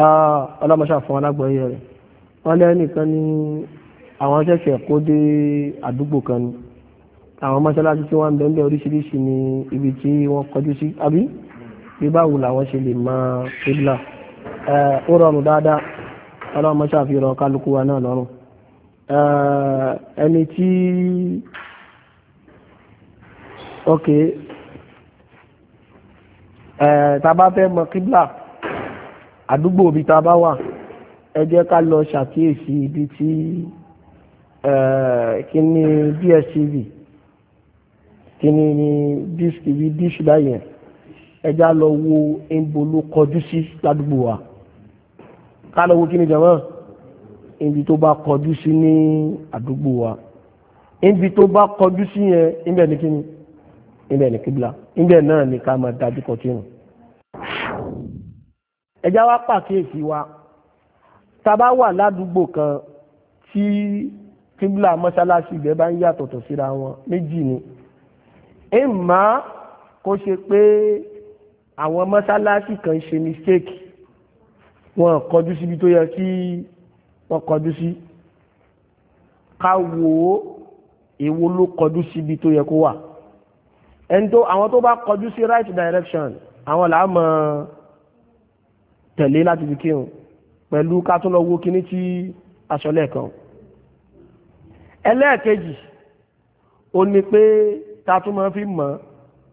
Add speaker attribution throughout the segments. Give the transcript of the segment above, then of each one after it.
Speaker 1: Ah, ọlọ́mọṣà fún alágbọ̀nyẹ rẹ̀ wọ́n lẹ́yìn nìkan ní àwọn ṣẹ̀ṣẹ̀ kó dé àdúgbò kan ni àwọn mọ́ṣáláṣí tí wọ́n ń bẹ́ẹ̀ oríṣiríṣi ní ibi tí wọ́n kọjú sí àbí bí báwo làwọn ṣe lè mọ kíbla eh, ó rọrùn dáadáa ọlọ́mọṣà kálukú wa náà lọ́rùn eh, ẹni tí ok eh, tá a bá fẹ́ mọ kíbla àdúgbò ibi tá a bá wà ẹ jẹ́ ká lọ ṣàkíyèsí ibi tí kíní DSTV kíní ní DSTV dish báyẹn ẹ já lọ wo ńbo ló kọjú sí ládùúgbò wa ká lọ wo kíní jàmọ́ ibi tó bá kọjú sí ní àdúgbò wa ibi tó bá kọjú sí yẹn ibẹ̀ ní kíní ibẹ̀ ní kíbla ibẹ̀ náà ni ká máa dájú kọtí rùn ẹjá wá pàkíyèsí wa tá a bá wà ládùúgbò kan tí kíbla mọ́ṣáláṣí ibẹ̀ bá ń yàtọ̀tọ̀ síra wọn méjì ni ìmọ̀ kó ṣe pé àwọn mọ́ṣáláṣí kan ṣe mistake wọn kọjú síbi tó yẹ kí wọ́n kọjú sí ká wo èwo ló kọjú síbi tó yẹ kó wà ẹni tó àwọn tó bá kọjú sí right direction àwọn làá mọ̀ ọ́ tẹ̀lé láti fi kírun pẹ̀lú ká tún lọ wo kíní tí aṣọ lẹ́ẹ̀kan ẹlẹ́ẹ̀kejì ó ní pé ta tún máa fi mọ̀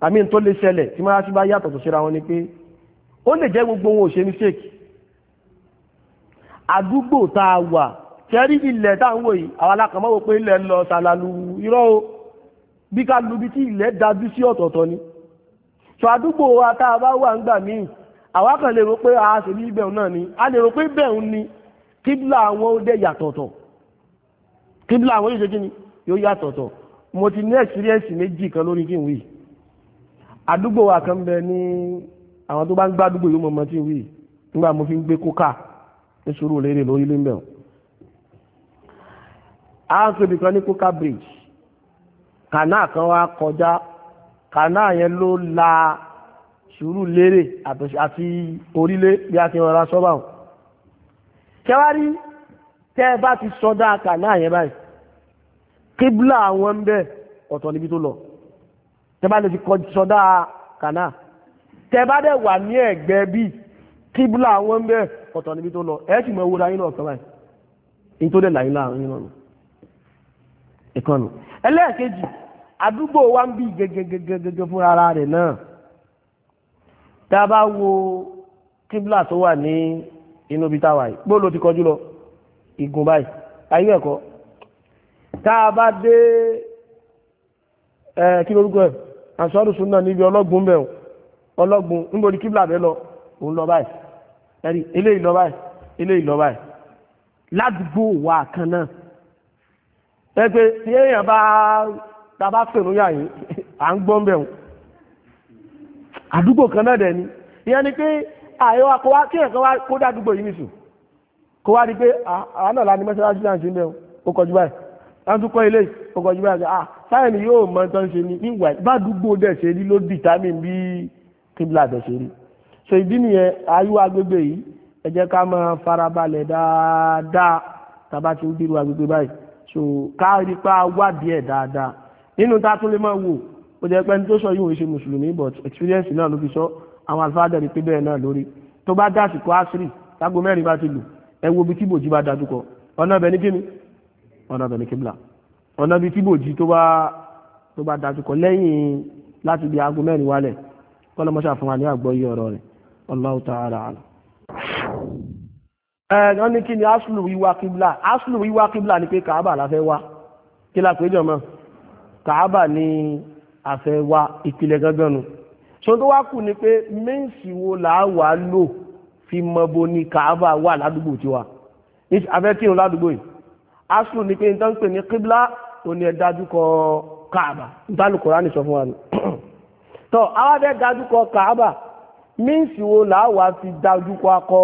Speaker 1: àmì tó lè ṣẹlẹ̀ tí máa ṣí bá yàtọ̀ tó ṣera wọn ni pé ó lè jẹ́ gbogbo wọn ò ṣe mistake àdúgbò tá a wà tẹ́rí ilẹ̀ tá ń wò yìí àwọn alákànmọ́ wò pé ilẹ̀ lọ ṣàlàlù irọ́ o bí ká lu tí ilẹ̀ dájú sí ọ̀tọ̀ọ̀tọ̀ ni ṣọ àdúgbò wa tá a bá wà ń gbà míì àwa kan lè rò pé a ṣe ní bẹ́ẹ̀ náà ni a lè rò pé bẹ́ẹ̀ ni kíbla àwọn ó dẹ̀ yàtọ̀tọ̀ kíbla àwọn yóò ṣe kí ni yóò yàtọ̀tọ̀ mo ti ní experience méjì kan lórí kí n wí àdúgbò wa kan bẹ ní àwọn tó bá ń gbá àdúgbò yóò mọ̀ mọ́ tí n wí nígbà mo fi ń gbé kókà ní sùúrù lérè lórí lé mbẹ́ọ̀ a ń pè nìkan ní kókà bridge kànáà kan wá kọjá kànáà yẹn ló la sùúrù lérè àti orílẹ̀ bí a ti rọra sọ́bà wọn kẹwàárí tẹ́ ẹ bá ti sọdá kàná àyẹ̀ báyìí kíbla àwọn ń bẹ ọ̀tọ̀ níbi tó lọ tẹ́ bá lè ti sọdá kàná tẹ́ bá dẹ̀ wà ní ẹ̀gbẹ́ bíi kíbla àwọn ń bẹ ọ̀tọ̀ níbi tó lọ ẹ̀ sì mọ owó láyé náà kọ́ báyìí nítorí làyín láàrin náà nù ìkànnì ẹlẹ́ẹ̀kejì àdúgbò wa ń bí gẹ́gẹ́gẹ́gẹ́ fúnra rẹ̀ náà tá a bá wo kíbla tó wà ní inú ibi táwa yìí gbọ́dọ̀ ti kọjú lọ igun báyìí ayé ẹ̀kọ́ tá a bá dé ẹ kí lórúkọ ẹ àṣọ́rùsùn náà níbi ọlọ́gbùn bẹ̀rù ọlọ́gbùn níbo ni kíbla bẹ́ lọ òun lọ báyìí ẹ̀rí eléyìí lọ báyìí eléyìí lọ báyìí ládùúgbò wa kan náà ẹ pé tí èèyàn bá tá bá fèrò yà yìí à ń gbọ́n bẹ̀rù àdúgbò kan náà dẹ̀ ni ìyẹn ni pé àyọ akọwá kí ẹ̀kan wá kó dá àdúgbò yìí nìsù kó wá di pé àwọn náà láti mọ́ṣáláṣí náà ṣe ń bẹ̀ ó kọjú báyìí láti tún kọ́ ilé ó kọjú báyìí ah sáyẹn ni yóò mọ tán ṣe ni ìwà bá àdúgbò dẹ̀ ṣe rí ló determine bí kíbla dẹ̀ ṣe rí so ìdí nìyẹn ayúwa agbègbè yìí ẹ jẹ́ ká máa farabalẹ̀ dáadáa tàbá ti ń dírú agbègbè báyìí so ká rí pa wádìí ẹ̀ dáadáa nínú tá a tún lè máa wò ó jẹ́ pẹ́ni tó sọ yìí òun ṣe mùsùlùmí but experience náà ló fi sọ àwọn alfáàdà rí pé bẹ́ẹ̀ náà lórí tó bá dásìkò àṣírí tágo mẹ́rin bá ti lù ẹ wo ibi tí bòjì bá dájú kọ ọ̀nà ibẹ̀ ní kíni ọ̀nà ibẹ̀ ní kíbla ọ̀nà ibi tí bòjì tó bá tó bá dájú kọ lẹ́yìn láti bí aago mẹ́rin wálẹ̀ kọ́lọ́mọṣà fún wa ní àgbọ́yé ọ̀rọ̀ rẹ̀ Allahu ta'ala àlọ́ ẹ̀rọ ní kí ni wíwá kíblà aslu wíwá kíblà ni pé kàábà la fẹ́ wá kí la pé jọmọ kàábà ni àfẹ́ wa ìpìlẹ̀ gangan nu ṣòun tó wá kù ni pé méǹsì wo là á wà á lò fi mọ bo ni kàáfà wà ládùúgbò tiwa afẹ́ kírun ládùúgbò yìí aṣọ ni pé nǹkan pè ní kíblá òní ẹ̀ dájú kọ kàábà ìtàlù kùránì sọ fún wa ni tọ́ awáfẹ́ dájú kọ kàábà míǹsì wo là á wà á fi dájú kọ akọ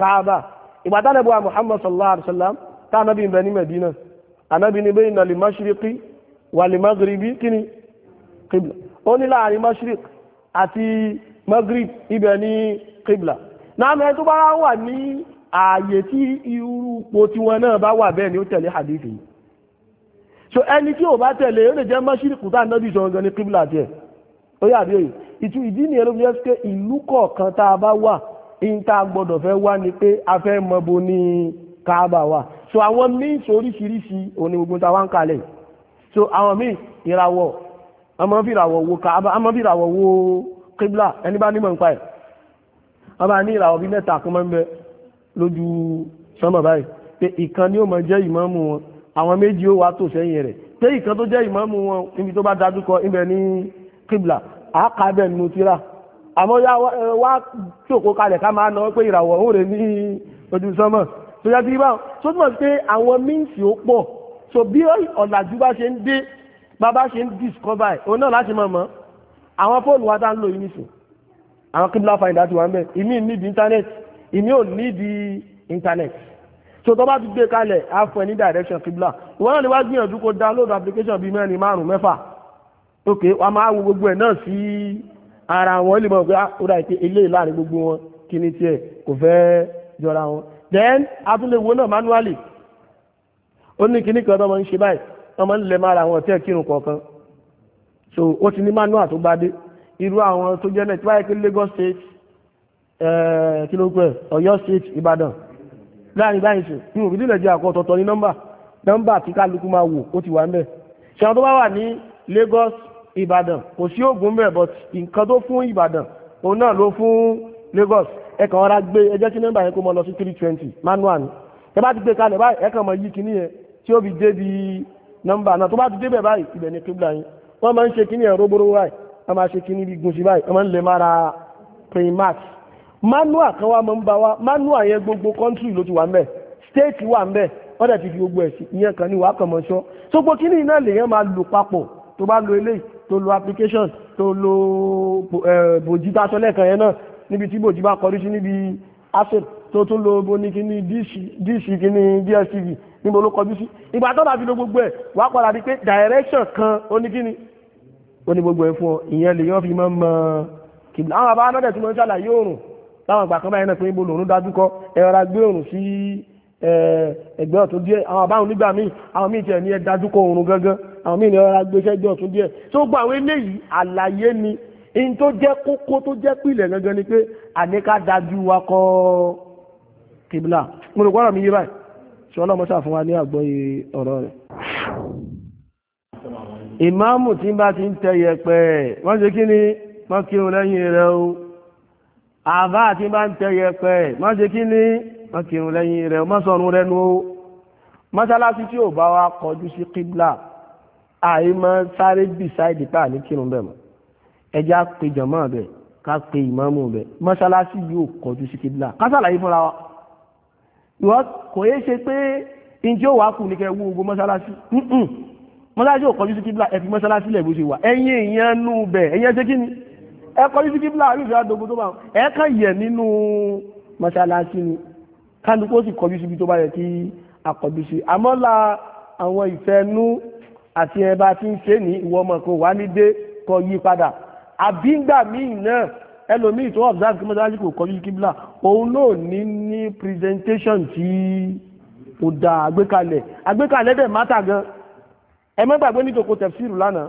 Speaker 1: kàábà ìgbàdánilẹ́bù wa Muhammad sallallahu alayhi wa sallam tá anábì ń bẹ ní Medina anábì ní bayna al-mashriqi wal-maghribi kíni qibla ó ní láàrin mashriq àti maghrib ibẹ̀ ní qibla náà mẹ́ tó bá wà ní ààyè tí irú po tí wọn náà bá wà bẹ́ẹ̀ ni ó tẹ̀lé hadithi so ẹni tí ò bá tẹ̀lé ó lè jẹ́ mashriq tá nábì sọ gan ní qibla tiẹ̀ ó yà bí òye ìtú ìdí nìyẹn ló fi pé ìlú kọ̀ọ̀kan tá a bá wà ń tá a gbọ́dọ̀ fẹ́ wá ni pé a fẹ́ mọ bo ní káàbà wà so àwọn míì oríṣiríṣi òní gbogbo tá a wá ń kalẹ̀ so àwọn míì ìràwọ̀ amọ́bìràwọ̀ wo káàbà amọ́bìràwọ̀ wo kíblà ẹni bá nímọ̀ nípa ẹ̀ ọba ní ìràwọ̀ bí mẹ́ta kan máa ń bẹ lójú sánmà báyìí pé ìkan ni ó máa jẹ́ ìmáàmù wọn àwọn méjì ó wá tò sẹ́yìn rẹ̀ pé ìkan tó jẹ́ ìmáàmù wọn níbi tó bá dájú ibẹ̀ ní kíblà àákàbẹ̀ nù tíra àmọ́ yá wá tòkó kalẹ̀ ká máa náwó pé ìràwọ̀ ó rè ní ojú sánmà tó yá sí ibà tó túmọ̀ pé àwọn míǹsì ó pọ̀ so bí ọ̀làjú bá bàbá ṣe ń discover ẹ̀ òun náà láti mọ̀ mọ́ àwọn fóònù wa tá ń lò yìí nìsín àwọn kíbla finder ti wà ń bẹ̀ ìmí níbi internet ìmí ò níbi internet so tó bá ti gbé kalẹ̀ á fún direction kíbla ìwọ náà ni wá gbìyànjú kó download application bíi mẹ́rin márùn-ún mẹ́fà ok wàá máa wo gbogbo ẹ̀ náà sí ara wọn lè mọ̀ pé ah, ó dà pé eléyìí láàrin gbogbo wọn kí ni tiẹ̀ kò fẹ́ jọra wọn then a tún lè wo náà manually ó ní kíní kan tó máa ń ṣe báyìí wọ́n máa ń lẹ mára àwọn ọ̀tẹ́ kírun kọ̀ọ̀kan so ó ti ní manual tó bá dé irú àwọn tó jẹ́ náà tí wáyé pé Lagos state eh, kí ló pẹ́ Ọ̀yọ́ state Ìbàdàn láàrin báyìí sí ní òbí nílẹ̀ jẹ́ àkọ́ ọ̀tọ̀ọ̀tọ̀ ní nọ́mbà nọ́mbà tí kálukú máa wò ó ti wà ń bẹ̀ tó bá wà ní Lagos Ìbàdàn kò sí oògùn bẹ̀ but nǹkan tó fún Ìbàdàn òun náà ló fún Lagos ẹ kàn rárá gbé ẹjẹ́ tí nọ́mbà yẹn kó mọ lọ sí three twenty manual ni ẹ bá ti gbé kalẹ̀ báyìí ẹ kàn mọ yí kinní yẹn tí ó fi dé bíi nọ́mbà náà tó bá ti débẹ̀ báyìí ibẹ̀ ni kíbla yín wọ́n máa ń ṣe kíní ẹ̀rọ gbóró báyìí wọ́n máa ṣe kíní igun sí báyìí wọ́n máa ń lè mára primax manua kan wá máa ń bá wa manua yẹn gbogbo country ló ti wà ńbẹ̀ state wà ńbẹ̀ wọ́n dẹ̀ ti fi gbogbo ẹ̀sìn ìyẹn kan ní wàá kàn mọ́ ṣọ́ sọ́gbó kíní iná lèyàn máa lò papọ̀ tó bá lo eléyìí tó lo application tó lo eh, bòjì tá a lẹ́ẹ̀kan yẹn náà níbi tí bòjì bá kọrí sí níbi asset tó tún lo bo ní kíní díìsì dstv níbo ló kọjú sí ìgbà tó bá fi lo gbogbo ẹ̀ wà á padà di pé direction kan oníkíni onígbogbo ẹ̀ fún ọ ìyẹn lè yọ́ fi mọ́ mọ́ kìbìlà àwọn bàbá náà tẹ̀sí mọ́ ṣàlàyé òrùn táwọn àgbà kan báyìí náà pé níbo lòrùn dájú kọ ẹ̀rọ gbé òrùn sí ẹgbẹ́ ọ̀tún díẹ̀ àwọn àbáhùn nígbà míì àwọn míì tiẹ̀ ní ẹ dájú kọ òrùn gangan àwọn míì ní ẹ̀rọ gbé sẹ́gbẹ́ ọ̀tún díẹ̀ tó gba àwọn eléyìí àlàyé ni in tó jẹ́ kókó tó jẹ́ pìlẹ̀ gangan ni pé àníká dájú wa kọ́ kìbìlà mo rò gbọ́dọ̀ mi yí báyìí sọ ọlọ́mọṣà fún wa ní àgbọ́yé ọ̀rọ̀ rẹ̀. ìmáàmù tí bá ti ń tẹ yẹpẹ wọ́n ṣe kí ni wọ́n kírun lẹ́yìn rẹ̀ o àbá tí bá ń tẹ yẹpẹ wọ́n ṣe kí ni wọ́n kírun lẹ́yìn rẹ̀ o má sọnù rẹ̀ nu o mọ́ṣáláṣí tí ò bá wa kọjú sí kíblà àyè máa sáré bì sáìdì tá à ní kírun bẹ̀ mọ́ ẹjẹ́ á pe jọ̀mọ́ bẹ̀ ká pe ìmáàmù bẹ̀ mọ́ṣáláṣí yóò kọjú sí kíblà ká fúnra wa ìwọ kò yé ṣe pé njẹ́ ò wá kù ní kẹ́ wú gbogbo mọ́ṣáláṣí mọ́ṣáláṣí ò kọjú sí kíbla ẹ fi mọ́ṣáláṣí lẹ̀ bó ṣe wà ẹ̀yin èèyàn nú bẹ̀ ẹ̀yin ṣe kí ni ẹ kọjú sí kíbla àríwá àdógó tó bá ẹ kàn yẹ̀ nínú mọ́ṣáláṣí ni kálukú ó sì kọjú síbi tó sí àmọ́ àwọn ìfẹ́nú àti ẹ̀ bá ń ṣe ní ìwọ wà ní dé kọ yí padà àbí míì náà ẹlòmíì tó observe kí mọ́sálásí kò kọjú kíbla òun náà ní ní presentation tí kò dá àgbékalẹ̀ àgbékalẹ̀ dẹ̀ mátà gan ẹ má ní tòkó tẹ̀fsíìrù lánàá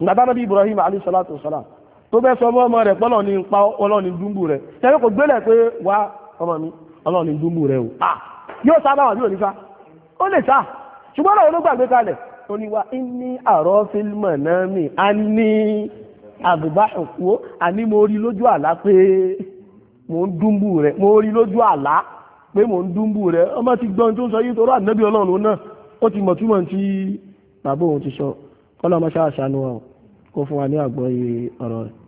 Speaker 1: gbàtà nàbí Ibrahim alayhi salatu wasalam tó bẹ́ sọ ọmọ rẹ̀ pọ́lọ̀ ní pa ọlọ́ni dúnbù rẹ̀ tẹ́lẹ̀ kò gbélẹ̀ ah yóò sábà wà ní ònífà ó lè sá ṣùgbọ́n ọ̀rọ̀ ló gbàgbé kalẹ̀ ó àrọ́ fílmọ̀ náà mi a ní àdùbá òkú àní mo rí lójú àlá pé mo ń dúnbù rẹ̀ mo rí lójú àlá pé mo ń dúnbù rẹ̀ ọmọ ti gbọ́n tó ń sọ yìí tó rà nẹ́bí ọlọ́run náà ó ti mọ̀ túmọ̀ tí bàbá òun ti sọ kọ́lọ́ ọmọ ṣáà ṣàánú wa kó fún wa ní àgbọ́yé ọ̀rọ̀ rẹ̀.